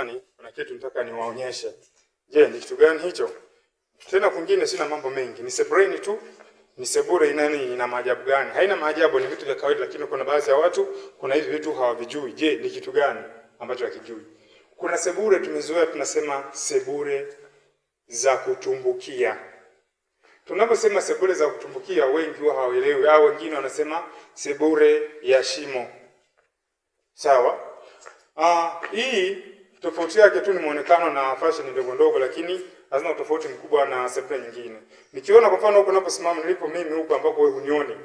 fulani, kuna kitu nataka niwaonyeshe. Je, ni kitu gani hicho? Tena kwingine sina mambo mengi, ni sebreni tu ni sebure inani ina maajabu gani? Haina maajabu, ni vitu vya kawaida, lakini kuna baadhi ya watu kuna hivi vitu hawavijui. Je, ni kitu gani ambacho hakijui? Kuna sebure tumezoea tunasema sebure za kutumbukia. Tunaposema sebure za kutumbukia, wengi wao hawaelewi, au wengine wanasema sebure ya shimo. Sawa? Ah, hii Tofauti yake tu ni muonekano na fashion ndogo ndogo, lakini hazina tofauti mkubwa na sebule nyingine. Nikiona kwa mfano huko ninaposimama nilipo mimi huko ambako wewe unioni,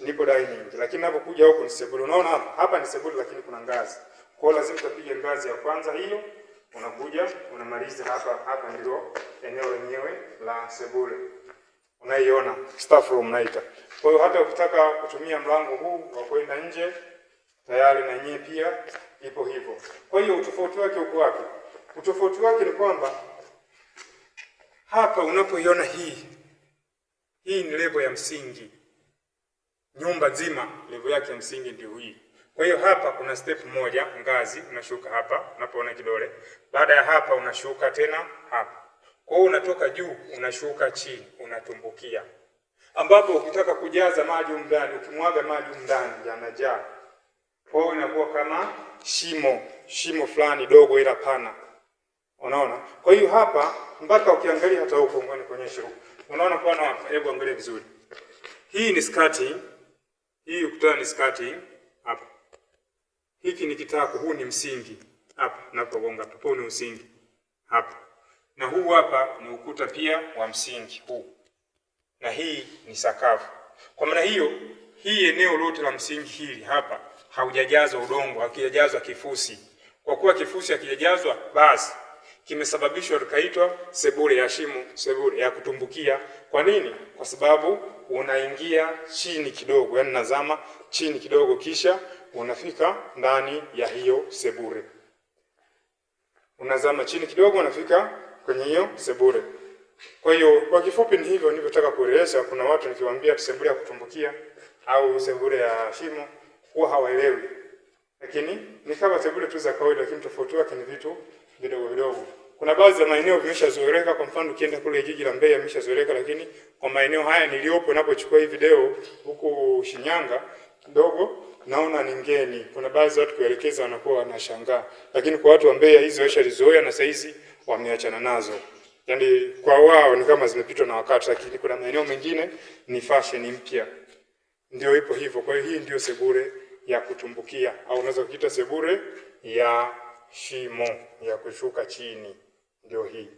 nilipo dining, lakini ninapokuja huko ni sebule. Unaona hapa? Hapa ni sebule lakini kuna ngazi. Kwa hiyo lazima tupige ngazi ya kwanza hiyo, unakuja unamaliza hapa. Hapa ndio eneo lenyewe la sebule. Unaiona staff room naita. Kwa hiyo hata ukitaka kutumia mlango huu wa kwenda nje tayari na nyie pia ipo hivyo. Kwa hiyo utofauti wake uko wapi? Utofauti wake ni kwamba hapa unapoiona hii hii ni levo ya msingi, nyumba nzima levo yake ya msingi ndio hii. Kwa hiyo hapa kuna step moja, ngazi unashuka hapa, unapoona kidole. Baada ya hapa unashuka tena hapa. Kwa hiyo unatoka juu unashuka chini, unatumbukia, ambapo ukitaka kujaza maji ndani, ukimwaga maji ndani yanajaa. Kwa hiyo inakuwa kama shimo, shimo fulani dogo ila pana. Unaona? Kwa hiyo hapa mpaka ukiangalia hata huko ngoni kwenye shuru, Unaona kwa na hapa, hebu angalia vizuri. Hii ni skati. Hii ukutana ni skati hapa. Hiki ni kitako, huu ni msingi. Hapa napogonga hapa, huu ni msingi. Hapa. Na huu hapa ni ukuta pia wa msingi huu. Na hii ni sakafu. Kwa maana hiyo, hii eneo lote la msingi hili hapa haujajazwa udongo, hakijajazwa kifusi. Kwa kuwa kifusi hakijajazwa, basi kimesababishwa tukaitwa sebule ya shimo, sebule ya kutumbukia. Kwa nini? Kwa sababu unaingia chini kidogo, yani nazama chini kidogo, kisha unafika ndani ya hiyo sebule. Unazama chini kidogo, unafika kwenye hiyo sebule. Kwa hiyo kwa kifupi ni hivyo nilivyotaka kueleza. Kuna watu nikiwaambia sebule ya kutumbukia au sebule ya shimo huwa hawaelewi, lakini ni kama tebule tu za kawaida, lakini tofauti wake ni vitu vidogo vidogo. Kuna baadhi ya maeneo vimeshazoeleka, kwa mfano ukienda kule jiji la Mbeya imeshazoeleka, lakini kwa maeneo haya niliyopo ninapochukua hii video huku Shinyanga kidogo naona ni ngeni. Kuna baadhi ya watu kuelekeza wanakuwa wanashangaa, lakini kwa watu wa Mbeya hizo washalizoea na saizi wameachana nazo, yaani kwa wao ni kama zimepitwa na wakati, lakini kuna maeneo mengine ni fashion mpya ndio ipo hivyo. Kwa hiyo hii ndio sebure ya kutumbukia au unaweza kuita sebure ya shimo ya kushuka chini, ndio hii.